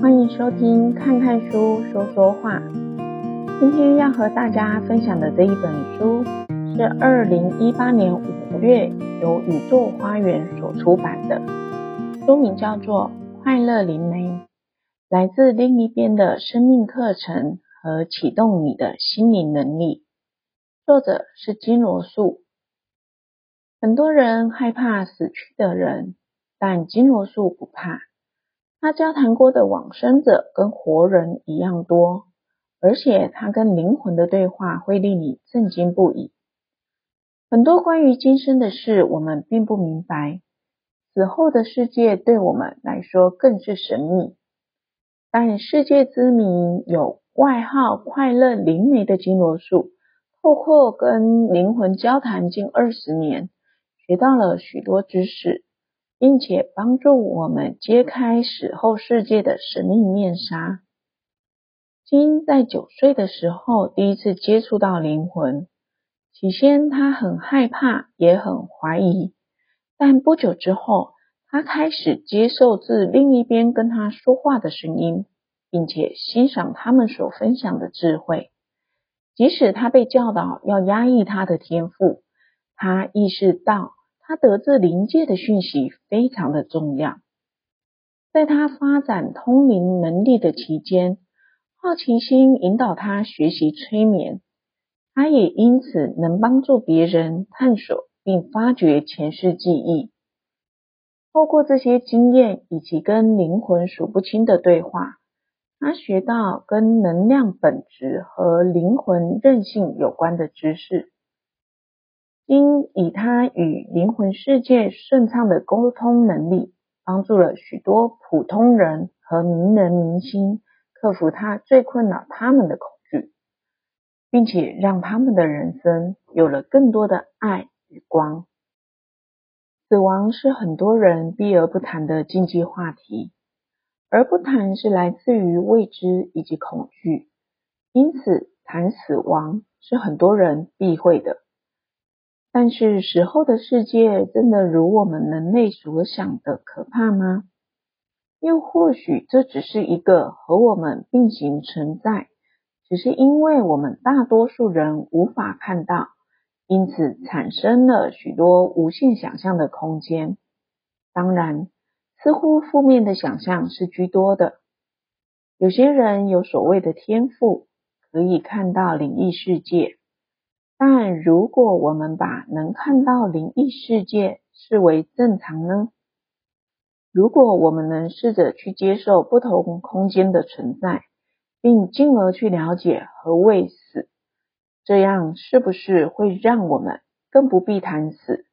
歡迎收聽《看看書說說話》。今天要和大家分享的這一本書是二零一八年五月由宇宙花園所出版的，書名叫做《快樂靈媒：來自另一邊的生命課程和啟動你的心靈能力》，作者是金羅素。很多人害怕死去的人，但金羅素不怕。她交談過的往生者跟活人一樣多，而且她跟靈魂的對話會令你震驚不已。很多關於今生的事我們並不明白，死後的世界對我們來說更是神秘。但世界知名有外號“快樂靈媒”的金羅素，透過跟靈魂交談近二十年，學到了許多知識。並且幫助我們揭開死後世界的神秘面紗。金在九歲的時候第一次接觸到靈魂，起先她很害怕，也很懷疑。但不久之後，她開始接受自另一邊跟她說話的聲音，並且欣賞他們所分享的智慧。即使她被教導要壓抑她的天賦，她意識到。他得自靈界的訊息非常的重要，在他發展通靈能力的期間，好奇心引導他學習催眠，他也因此能幫助別人探索並發掘前世記憶。透過這些經驗以及跟靈魂數不清的對話，他學到跟能量本質和靈魂韌性有關的知識。因以他與靈魂世界順暢的溝通能力，幫助了許多普通人和名人明星克服他最困擾他們的恐懼，並且讓他們的人生有了更多的愛與光。死亡是很多人避而不談的禁忌話題，而不談是來自於未知以及恐懼，因此談死亡是很多人避諱的。但是，死後的世界真的如我們人類所想的可怕嗎？又或許，這只是一個和我們平行存在，只是因為我們大多數人無法看到，因此產生了許多無限想象的空間。當然，似乎負面的想象是居多的。有些人有所謂的天賦，可以看到靈異世界。但如果我們把能看到靈異世界視為正常呢？如果我們能試着去接受不同空間的存在，並進而去了解何謂死，這樣是不是會讓我們更不避談死，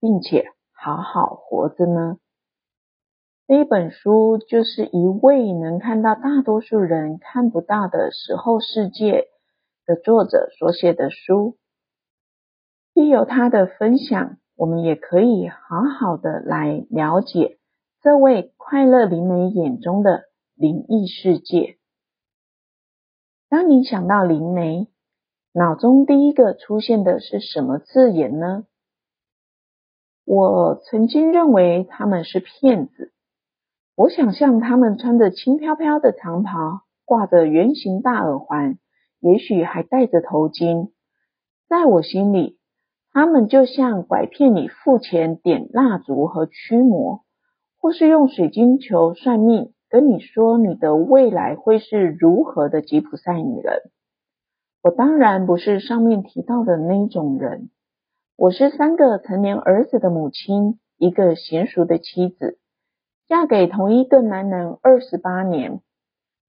並且好好活着呢？這一本書就是一位能看到大多數人看不到的死後世界的作者所寫的書。藉由他的分享，我們也可以好好的來了解這位快樂靈媒眼中的靈異世界。當你想到靈媒，腦中第一個出現的是什麼字眼呢？我曾經認為他們是騙子。我想象他們穿着輕飄飄的長袍，掛着圓形大耳環，也許還戴着頭巾，在我心裡。他們就像拐騙你付錢點蠟燭和驅魔，或是用水晶球算命，跟你說你的未來會是如何的吉普賽女人。我當然不是上面提到的那種人，我是三個成年兒子的母親，一個賢淑的妻子，嫁給同一個男人二十八年，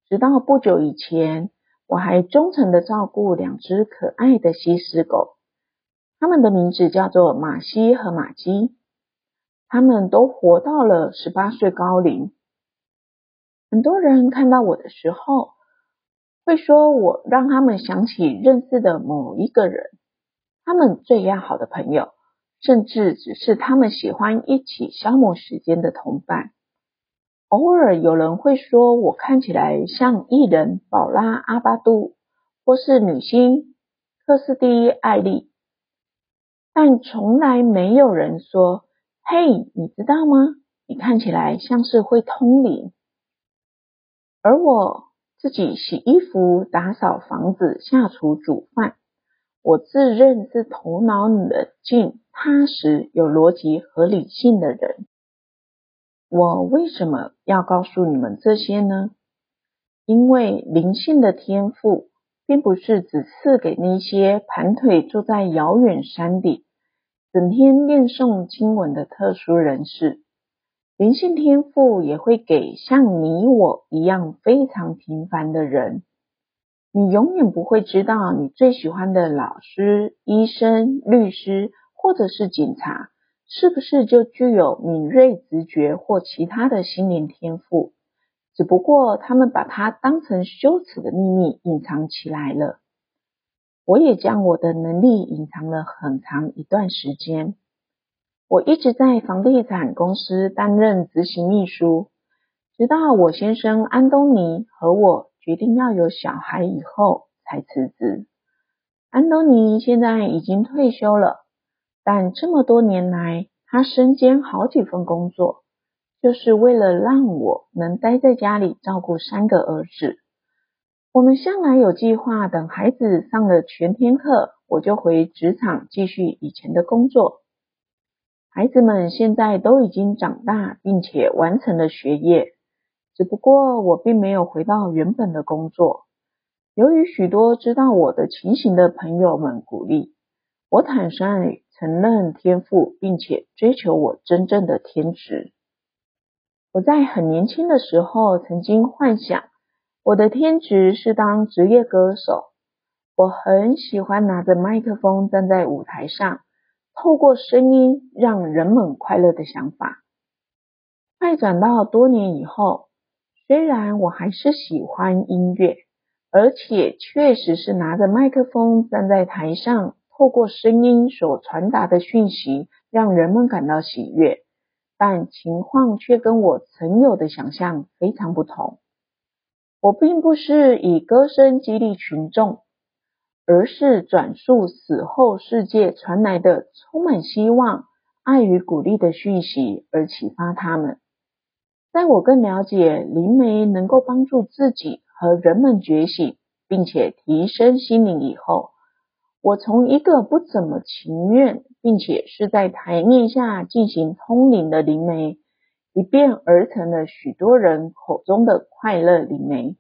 直到不久以前，我還忠誠的照顧兩隻可愛的西施狗。他們的名字叫做馬西和馬基，他們都活到了十八歲高齡。很多人看到我的時候，會說我讓他們想起認識的某一個人，他們最要好的朋友，甚至只是他們喜歡一起消磨時間的同伴。偶爾有人會說我看起來像藝人寶拉·阿巴杜，或是女星克斯蒂·艾莉。但從來沒有人說：“嘿，你知道嗎？你看起來像是會通靈。”而我自己洗衣服、打掃房子、下廚煮飯，我自認是頭腦冷靜、踏實、有邏輯、合理性的人。我為什麼要告訴你們這些呢？因為靈性的天賦，並不是只賜給那些盤腿坐在遙遠山頂。整天念誦經文的特殊人士，靈性天賦也會給像你我一樣非常平凡的人。你永遠不會知道，你最喜歡的老師、醫生、律師或者是警察，是不是就具有敏銳直覺或其他的心靈天賦，只不過他們把它當成羞恥的秘密隱藏起來了。我也將我的能力隱藏了很長一段時間。我一直在房地產公司擔任執行秘書，直到我先生安東尼和我決定要有小孩以後才辭職。安東尼現在已經退休了，但這麼多年來，他身兼好幾份工作，就是為了讓我能待在家裡照顧三個兒子。我們向來有計劃，等孩子上了全天課，我就回職場繼續以前的工作。孩子們現在都已經長大，並且完成了學業，只不過我並沒有回到原本的工作。由於許多知道我的情形的朋友們鼓勵，我坦率承認天賦，並且追求我真正的天職。我在很年輕的時候曾經幻想。我的天職是當職業歌手，我很喜歡拿着麥克風站在舞台上，透過聲音讓人們快樂的想法。快轉到多年以後，雖然我還是喜歡音樂，而且確實是拿着麥克風站在台上，透過聲音所傳達的訊息讓人們感到喜悅，但情況卻跟我曾有的想象非常不同。我並不是以歌聲激勵群眾，而是轉述死後世界傳來的充滿希望、愛與鼓勵的訊息而啟發他們。在我更了解靈媒能夠幫助自己和人們覺醒，並且提升心靈以後，我從一個不怎麼情願，並且是在台面下進行通靈的靈媒。一變而成了許多人口中的快樂靈媒。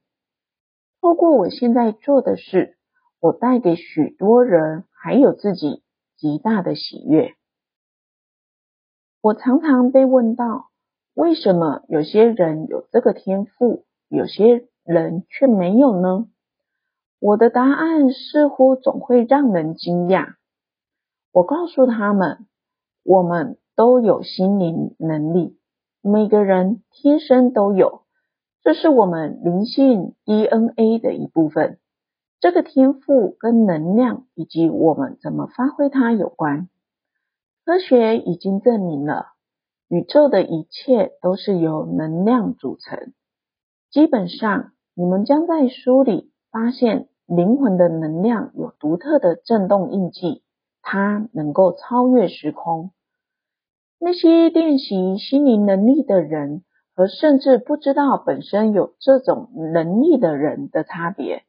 透過我現在做的事，我帶給許多人還有自己極大的喜悅。我常常被問到，為什麼有些人有這個天賦，有些人卻沒有呢？我的答案似乎總會讓人驚訝。我告訴他們，我們都有心靈能力。每個人天生都有，這是我們靈性 DNA 的一部分。這個天賦跟能量以及我們怎麼發揮它有關。科學已經證明了，宇宙的一切都是由能量組成。基本上，你們將在書裡發現，靈魂的能量有獨特的震動印記，它能夠超越時空。那些練習心靈能力的人和甚至不知道本身有這種能力的人的差別，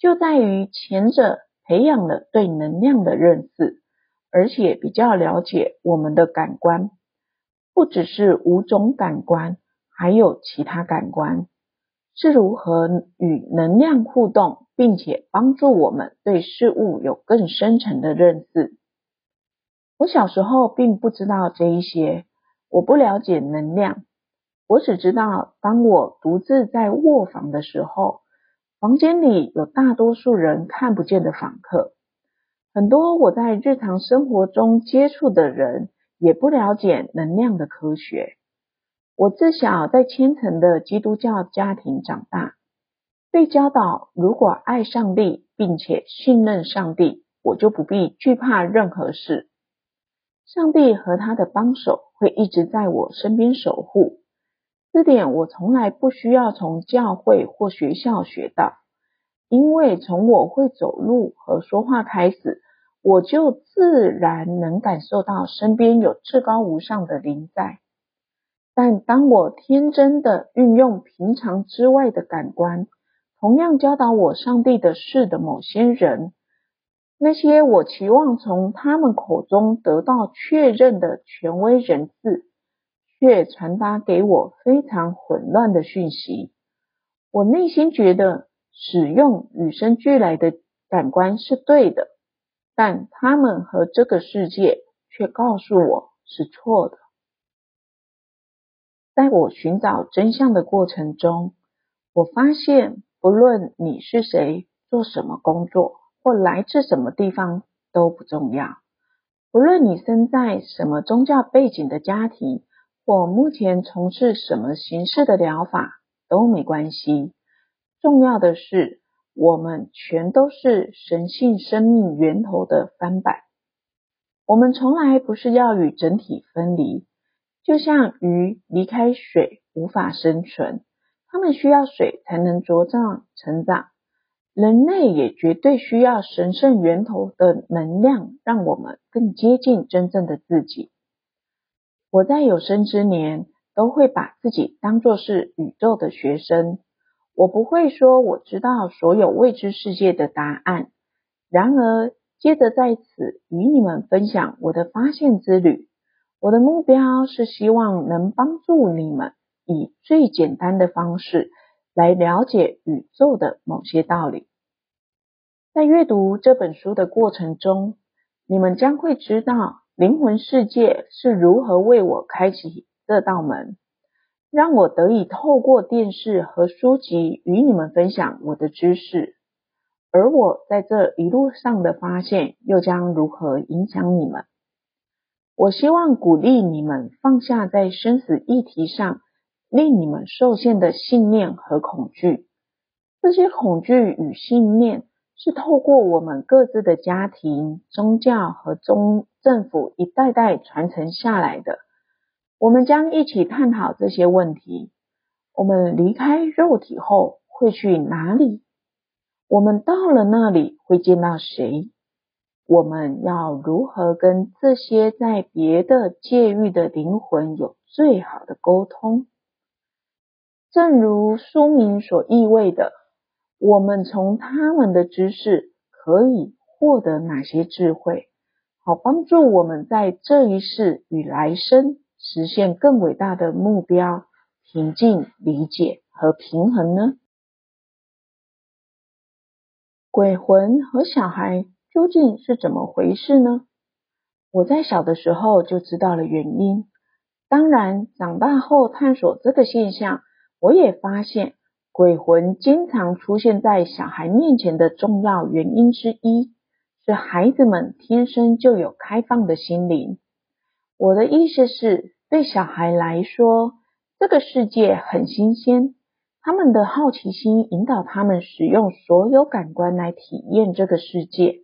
就在於前者培養了對能量的認識，而且比較了解我們的感官，不只是五種感官，還有其他感官是如何與能量互動，並且幫助我們對事物有更深層的認識。我小時候並不知道這一些，我不了解能量。我只知道，當我獨自在臥房的時候，房間裡有大多數人看不見的訪客。很多我在日常生活中接觸的人也不了解能量的科學。我自小在虔誠的基督教家庭長大，被教導如果愛上帝並且信任上帝，我就不必懼怕任何事。上帝和他的幫手會一直在我身邊守護。這點我從來不需要從教會或學校學到，因為從我會走路和說話開始，我就自然能感受到身邊有至高無上的靈在。但當我天真的運用平常之外的感官，同樣教導我上帝的事的某些人，那些我期望從他們口中得到確認的權威人士，却傳達給我非常混亂的訊息。我內心覺得使用與生俱來的感官是對的，但他們和這個世界却告訴我是錯的。在我尋找真相的過程中，我發現不論你是誰，做什麼工作，或來自什麼地方都不重要，無論你身在什麼宗教背景的家庭，或目前從事什麼形式的療法，都沒關係。重要的是，我們全都是神性生命源頭的翻版。我們從來不是要與整體分離，就像魚離開水無法生存，它們需要水才能茁壯成長。人類也絕對需要神聖源頭的能量，讓我們更接近真正的自己。我在有生之年都會把自己當作是宇宙的學生。我不會說我知道所有未知世界的答案。然而，接着在此與你們分享我的發現之旅。我的目標是希望能幫助你們以最簡單的方式。來了解宇宙的某些道理。在閱讀這本書的過程中，你們將會知道靈魂世界是如何為我開啟這道門，讓我得以透過電視和書籍與你們分享我的知識。而識，而我在這一路上的發現又將如何影響你們。我希望鼓勵你們放下在生死議題上，令你們受限的信念和恐懼，這些恐懼與信念是透過我們各自的家庭、宗教和政府一代代傳承下來的。我們將一起探討這些問題：我們離開肉體後會去哪裡？我們到了那裡會見到誰？我們要如何跟這些在別的界域的靈魂有最好的溝通？正如書名所意味的，我們從他們的知識可以獲得哪些智慧，好幫助我們在這一世與來生實現更偉大的目標、平靜、理解和平衡呢？鬼魂和小孩究竟是怎麼回事呢？我在小的時候就知道了原因，當然長大後探索這個現象。我也發現，鬼魂經常出現在小孩面前的重要原因之一，是孩子們天生就有開放的心靈。我的意思是，對小孩來說，這個世界很新鮮，他們的好奇心引導他們使用所有感官來體驗這個世界，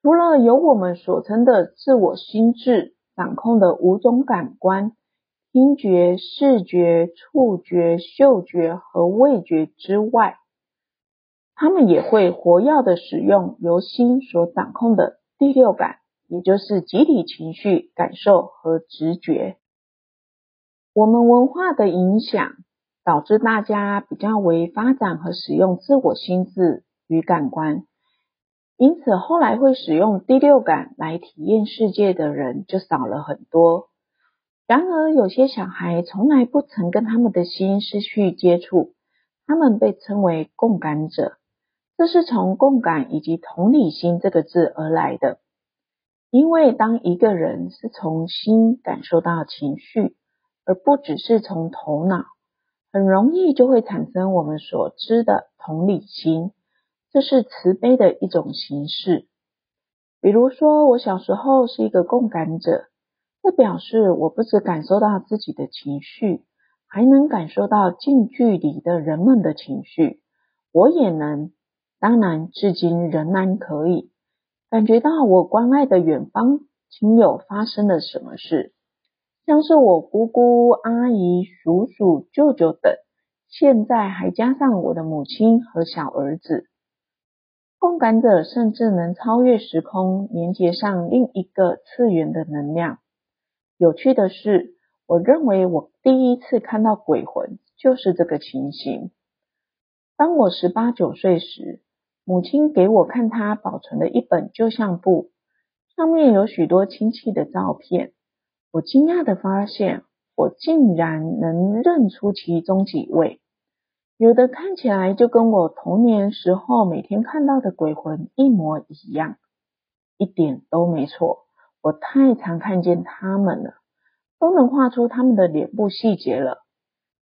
除了由我們所稱的自我心智掌控的五種感官。聽覺、視覺、觸覺、嗅覺和味覺之外，他們也會活躍地使用由心所掌控的第六感，也就是集體情緒感受和直覺。我們文化的影響，導致大家比較為發展和使用自我心智與感官，因此後來會使用第六感來體驗世界的人就少了很多。然而，有些小孩從來不曾跟他們的心失去接觸，他們被稱為共感者，這是從“共感”以及“同理心”這個字而來的。因為當一個人是從心感受到情緒，而不只是從頭腦，很容易就會產生我們所知的同理心，這是慈悲的一種形式。比如說，我小時候是一個共感者。這表示我不只感受到自己的情緒，還能感受到近距離的人們的情緒。我也能，當然至今仍然可以感覺到我關愛的遠方親友發生了什麼事，像是我姑姑、阿姨、叔叔、舅舅等。現在還加上我的母親和小兒子。共感者甚至能超越時空，連接上另一個次元的能量。有趣的是，我認為我第一次看到鬼魂就是這個情形。當我十八九歲時，母親給我看她保存的一本舊相簿，上面有許多親戚的照片。我驚訝地發現，我竟然能認出其中幾位，有的看起來就跟我童年時候每天看到的鬼魂一模一樣，一點都沒錯。我太常看見他們了，都能畫出他們的臉部細節了。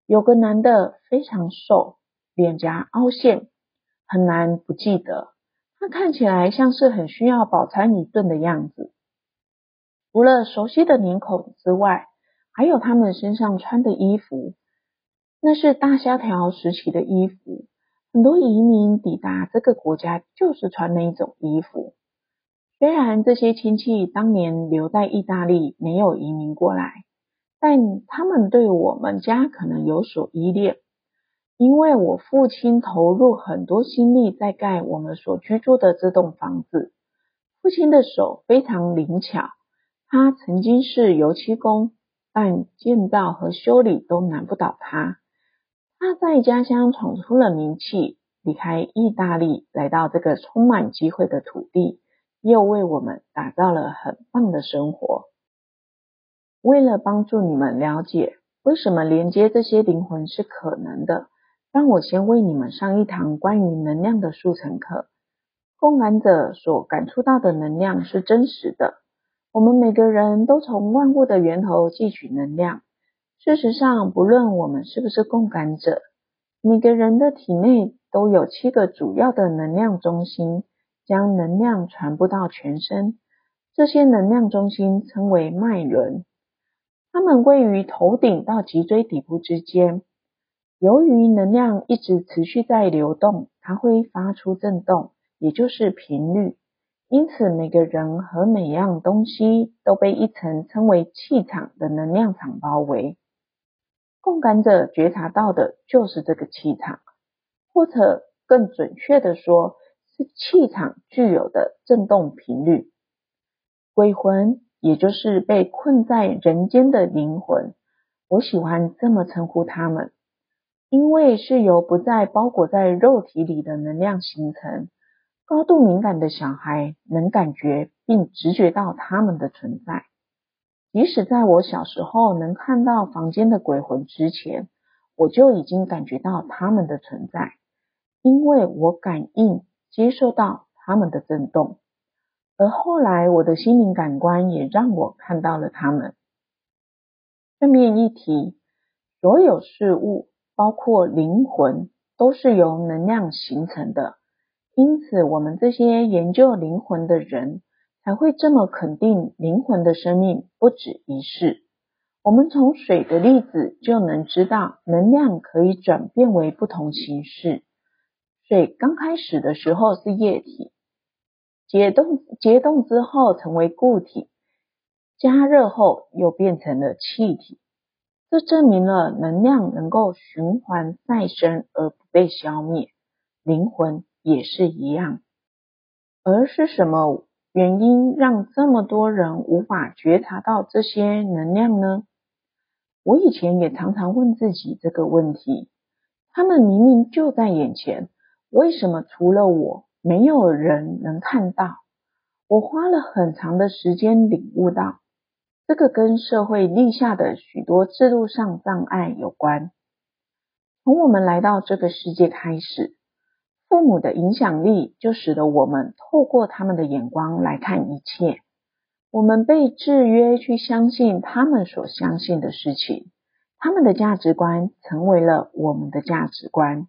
有個男的非常瘦，臉頰凹陷，很難不記得。他看起來像是很需要飽餐一頓的樣子。除了熟悉的臉孔之外，還有他們身上穿的衣服。那是大蕭條時期的衣服，很多移民抵達這個國家就是穿那一種衣服。雖然這些親戚當年留在意大利，沒有移民過來，但他們對我們家可能有所依戀，因為我父親投入很多心力在蓋我們所居住的這棟房子。父親的手非常靈巧，他曾經是油漆工，但建造和修理都難不倒他。他在家鄉闖出了名氣，離開意大利來到這個充滿機會的土地。又為我們打造了很棒的生活。為了幫助你們了解為什麼連接這些靈魂是可能的，讓我先為你們上一堂關於能量的速成課。共感者所感觸到的能量是真實的。我們每個人都從萬物的源頭汲取能量。事實上，不論我們是不是共感者，每個人的體內都有七個主要的能量中心。將能量傳播到全身，這些能量中心稱為脈輪，它們位於頭頂到脊椎底部之間。由於能量一直持續在流動，它會發出振動，也就是頻率。因此，每個人和每樣東西都被一層稱為氣場的能量場包圍。共感者覺察到的就是這個氣場，或者更準確的說。是氣場具有的振動頻率。鬼魂，也就是被困在人間的靈魂，我喜歡這麼稱呼他們，因為是由不再包裹在肉體裡的能量形成。高度敏感的小孩能感覺並直覺到他們的存在。即使在我小時候能看到房間的鬼魂之前，我就已經感覺到他們的存在，因為我感應。接受到他們的震動，而後來我的心靈感官也讓我看到了他們。順便一提，所有事物，包括靈魂，都是由能量形成的。因此，我們這些研究靈魂的人才會這麼肯定靈魂的生命不止一世。我們從水的例子就能知道，能量可以轉變為不同形式。水剛開始的時候是液體，解凍解凍之後成為固體，加熱後又變成了氣體。這證明了能量能夠循環再生而不被消滅。靈魂也是一樣。而是什麼原因讓這麼多人無法覺察到這些能量呢？我以前也常常問自己這個問題。他們明明就在眼前。為什麼除了我，沒有人能看到？我花了很長的時間領悟到，這個跟社會立下的許多制度上障礙有關。從我們來到這個世界開始，父母的影響力就使得我們透過他們的眼光來看一切。我們被制約去相信他們所相信的事情，他們的價值觀成為了我們的價值觀。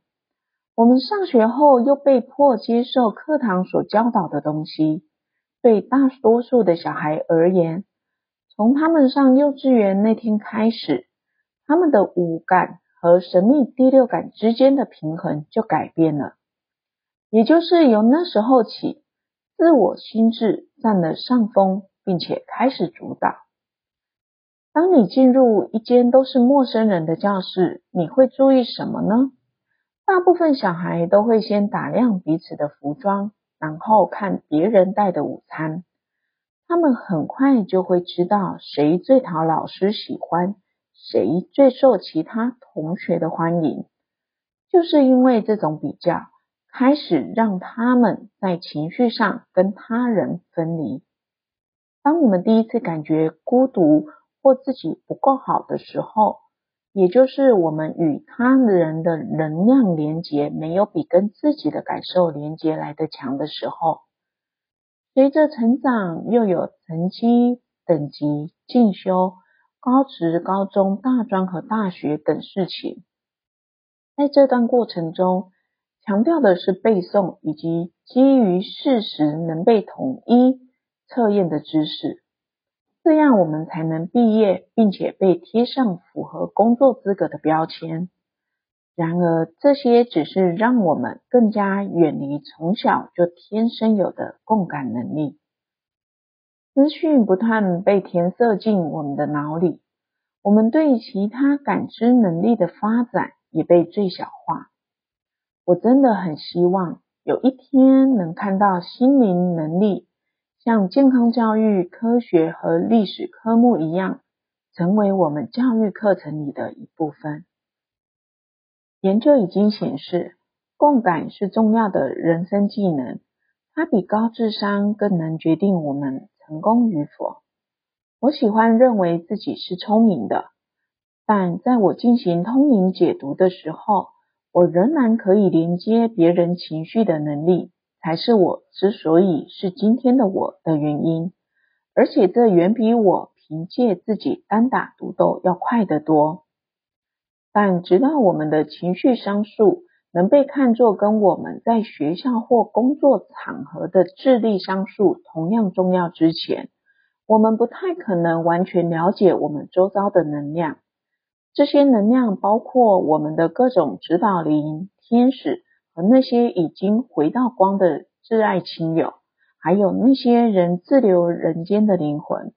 我們上學後又被迫接受課堂所教導的東西。對大多數的小孩而言，從他們上幼稚園那天開始，他們的五感和神秘第六感之間的平衡就改變了。也就是由那時候起，自我心智佔了上風，並且開始主導。當你進入一間都是陌生人的教室，你會注意什麼呢？大部分小孩都會先打量彼此的服裝，然後看別人帶的午餐。他們很快就會知道誰最討老師喜歡，誰最受其他同學的歡迎。就是因為這種比較，開始讓他們在情緒上跟他人分離。當我們第一次感覺孤獨或自己不夠好的時候，也就是我們與他人的能量連接，沒有比跟自己的感受連接來得強的時候。隨着成長，又有成績、等級、進修、高職、高中、大專和大學等事情。在這段過程中，強調的是背誦以及基於事實能被統一測驗的知識。這樣我們才能畢業，並且被貼上符合工作資格的標籤。然而，這些只是讓我們更加遠離從小就天生有的共感能力。資訊不斷被填塞進我們的腦裡，我們對其他感知能力的發展也被最小化。我真的很希望有一天能看到心靈能力。像健康教育、科學和歷史科目一樣，成為我們教育課程裡的一部分。研究已經顯示，共感是重要的人生技能，它比高智商更能決定我們成功與否。我喜歡認為自己是聰明的，但在我進行通靈解讀的時候，我仍然可以連接別人情緒的能力才是我之所以是今天的我的原因，而且這遠比我憑借自己單打獨鬥要快得多。但直到我們的情緒商數能被看作跟我們在學校或工作場合的智力商數同樣重要之前，我們不太可能完全了解我們周遭的能量。這些能量包括我們的各種指導靈、天使。和那些已經回到光的摯愛親友，還有那些仍滯留人間的靈魂，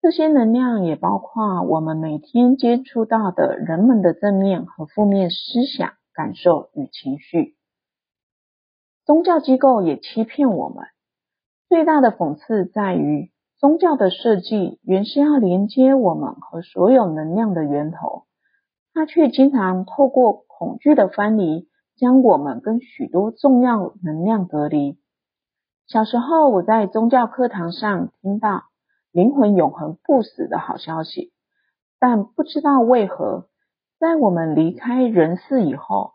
這些能量也包括我們每天接觸到的人們的正面和負面思想、感受與情緒。宗教機構也欺騙我們。最大的諷刺在於，宗教的設計原是要連接我們和所有能量的源頭，它卻經常透過恐懼的藩籬，將我們跟許多重要能量隔離。小時候，我在宗教課堂上聽到靈魂永恆不死的好消息，但不知道為何，在我們離開人世以後，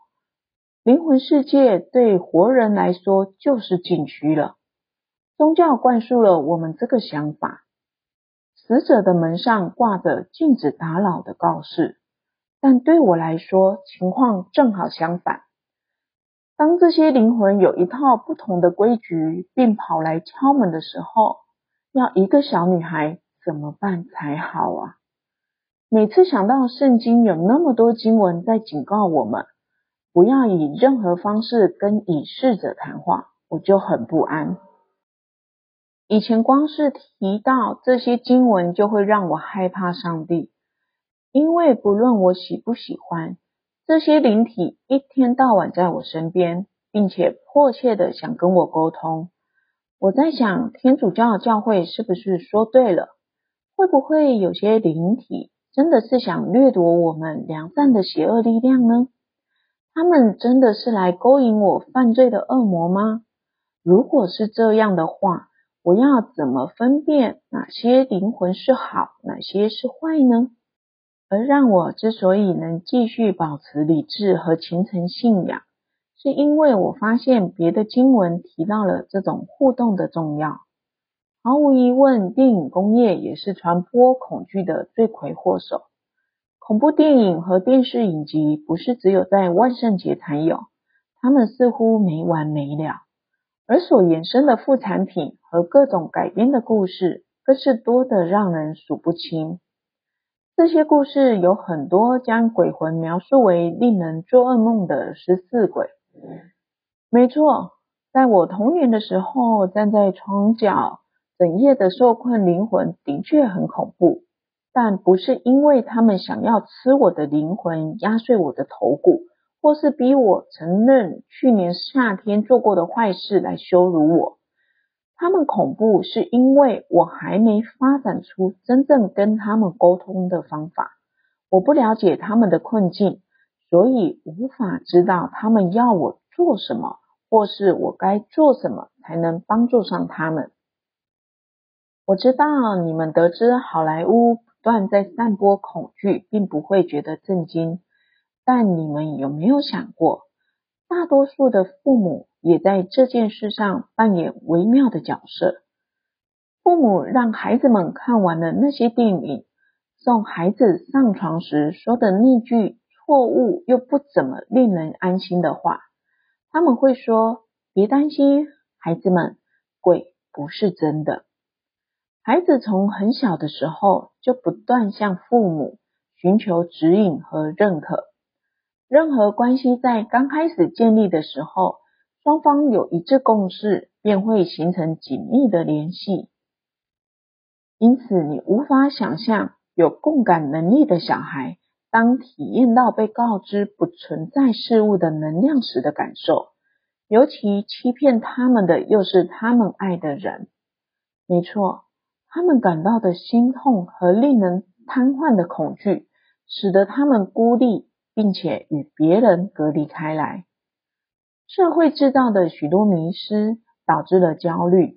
靈魂世界對活人來說就是禁區了。宗教灌輸了我們這個想法，死者的門上掛着禁止打擾的告示，但對我來說，情況正好相反。當這些靈魂有一套不同的規矩，並跑來敲門的時候，要一個小女孩怎麼辦才好啊？每次想到聖經有那麼多經文在警告我們，不要以任何方式跟已逝者談話，我就很不安。以前光是提到這些經文，就會讓我害怕上帝，因為不論我喜不喜歡，這些靈體一天到晚在我身邊，並且迫切地想跟我溝通。我在想，天主教的教會是不是說對了？會不會有些靈體真的是想掠奪我們良善的邪惡力量呢？他們真的是來勾引我犯罪的惡魔嗎？如果是這樣的話，我要怎麼分辨哪些靈魂是好，哪些是壞呢？而讓我之所以能繼續保持理智和虔誠信仰，是因為我發現別的經文提到了這種互動的重要。毫無疑問，電影工業也是傳播恐懼的罪魁禍首。恐怖電影和電視影集不是只有在萬聖節才有，它們似乎沒完沒了，而所延伸的副產品和各種改編的故事更是多得讓人數不清。這些故事有很多將鬼魂描述為令人做噩夢的食屍鬼。沒錯，在我童年的時候，站在床角整夜的受困靈魂的確很恐怖，但不是因為他們想要吃我的靈魂，壓碎我的頭骨，或是逼我承認去年夏天做過的壞事來羞辱我。他們恐怖是因為我還沒發展出真正跟他們溝通的方法，我不了解他們的困境，所以無法知道他們要我做什麼，或是我該做什麼才能幫助上他們。我知道你們得知好萊塢不斷在散播恐懼，並不會覺得震驚，但你們有沒有想過，大多數的父母，也在這件事上扮演微妙的角色。父母讓孩子們看完了那些電影，送孩子上床時說的那句錯誤又不怎麼令人安心的話，他們會說：“別擔心，孩子們，鬼不是真的。”孩子從很小的時候就不斷向父母尋求指引和認可。任何關係在剛開始建立的時候，雙方有一致共識，便會形成緊密的聯繫。因此，你無法想象有共感能力的小孩，當體驗到被告知不存在事物的能量時的感受。尤其欺騙他們的又是他們愛的人。沒錯，他們感到的心痛和令人癱瘓的恐懼，使得他們孤立，並且與別人隔離開來。社會製造的許多迷失，導致了焦慮。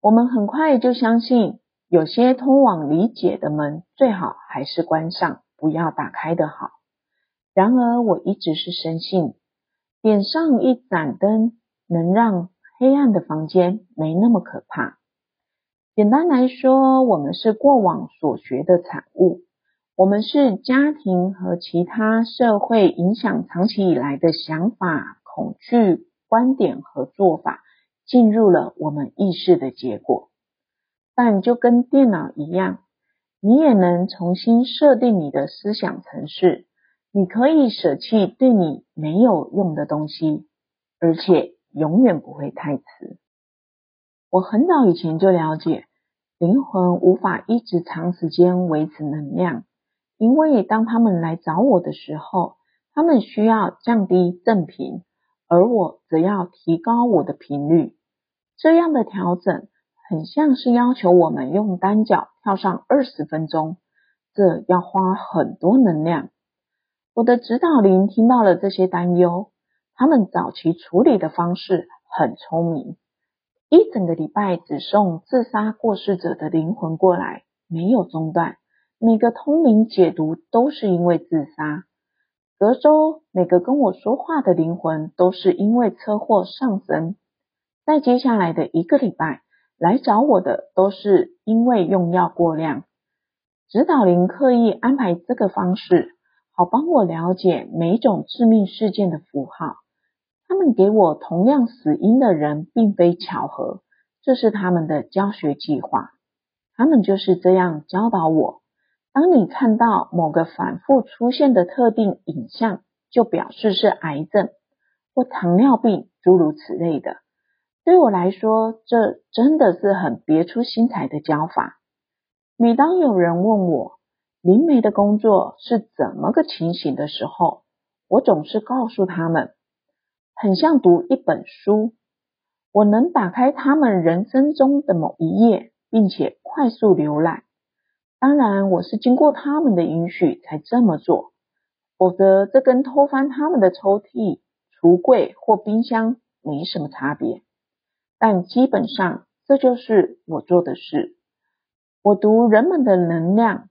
我們很快就相信，有些通往理解的門最好還是關上，不要打開的好。然而，我一直是深信，點上一盞燈，能讓黑暗的房間沒那麼可怕。簡單來說，我們是過往所學的產物，我們是家庭和其他社會影響長期以來的想法。恐懼觀點和做法進入了我們意識的結果，但就跟電腦一樣，你也能重新設定你的思想程式。你可以捨棄對你沒有用的東西，而且永遠不會太遲。我很早以前就了解，靈魂無法一直長時間維持能量，因為當他們來找我的時候，他們需要降低振頻。而我則要提高我的頻率。這樣的調整很像是要求我們用單腳跳上二十分鐘，這要花很多能量。我的指導靈聽到了這些擔憂，他們早期處理的方式很聰明，一整個禮拜只送自殺過世者的靈魂過來，沒有中斷。每個通靈解讀都是因為自殺。隔周每個跟我說話的靈魂都是因為車禍喪生，在接下來的一個禮拜來找我的都是因為用藥過量。指導靈刻意安排這個方式，好幫我了解每一種致命事件的符號。他們給我同樣死因的人並非巧合，這是他們的教學計劃。他們就是這樣教導我。當你看到某個反覆出現的特定影像，就表示是癌症或糖尿病，諸如此類的。對我來說，這真的是很別出心裁的教法。每當有人問我靈媒的工作是怎麼個情形的時候，我總是告訴他們，很像讀一本書，我能打開他們人生中的某一頁，並且快速瀏覽。當然，我是經過他們的允許才這麼做，否則這跟偷翻他們的抽屜、櫥櫃或冰箱沒什麼差別。但基本上，這就是我做的事。我讀人們的能量，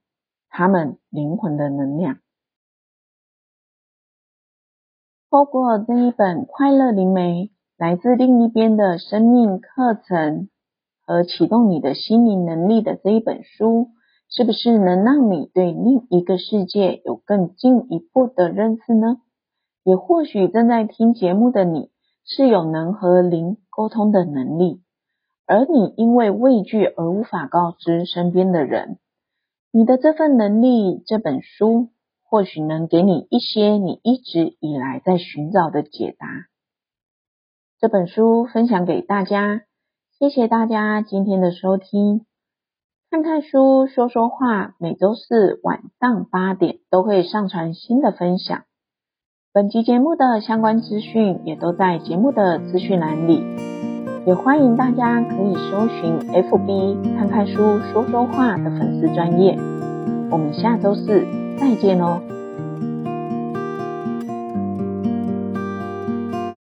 他們靈魂的能量。透過這一本《快樂靈媒：來自另一邊的生命課程和啟動你的心靈能力》的這一本書。是不是能讓你對另一個世界有更進一步的認識呢？也或許正在聽節目的你，是有能和靈溝通的能力，而你因為畏懼而無法告知身邊的人。你的這份能力，這本書或許能給你一些你一直以來在尋找的解答。這本書分享給大家，謝謝大家今天的收聽。看看書，說說話。每周四晚上八點都會上傳新的分享。本集節目的相關資訊也都在節目的資訊欄裡。也歡迎大家可以搜尋 FB“ 看看書說說話”的粉絲專頁。我們下周四再見哦。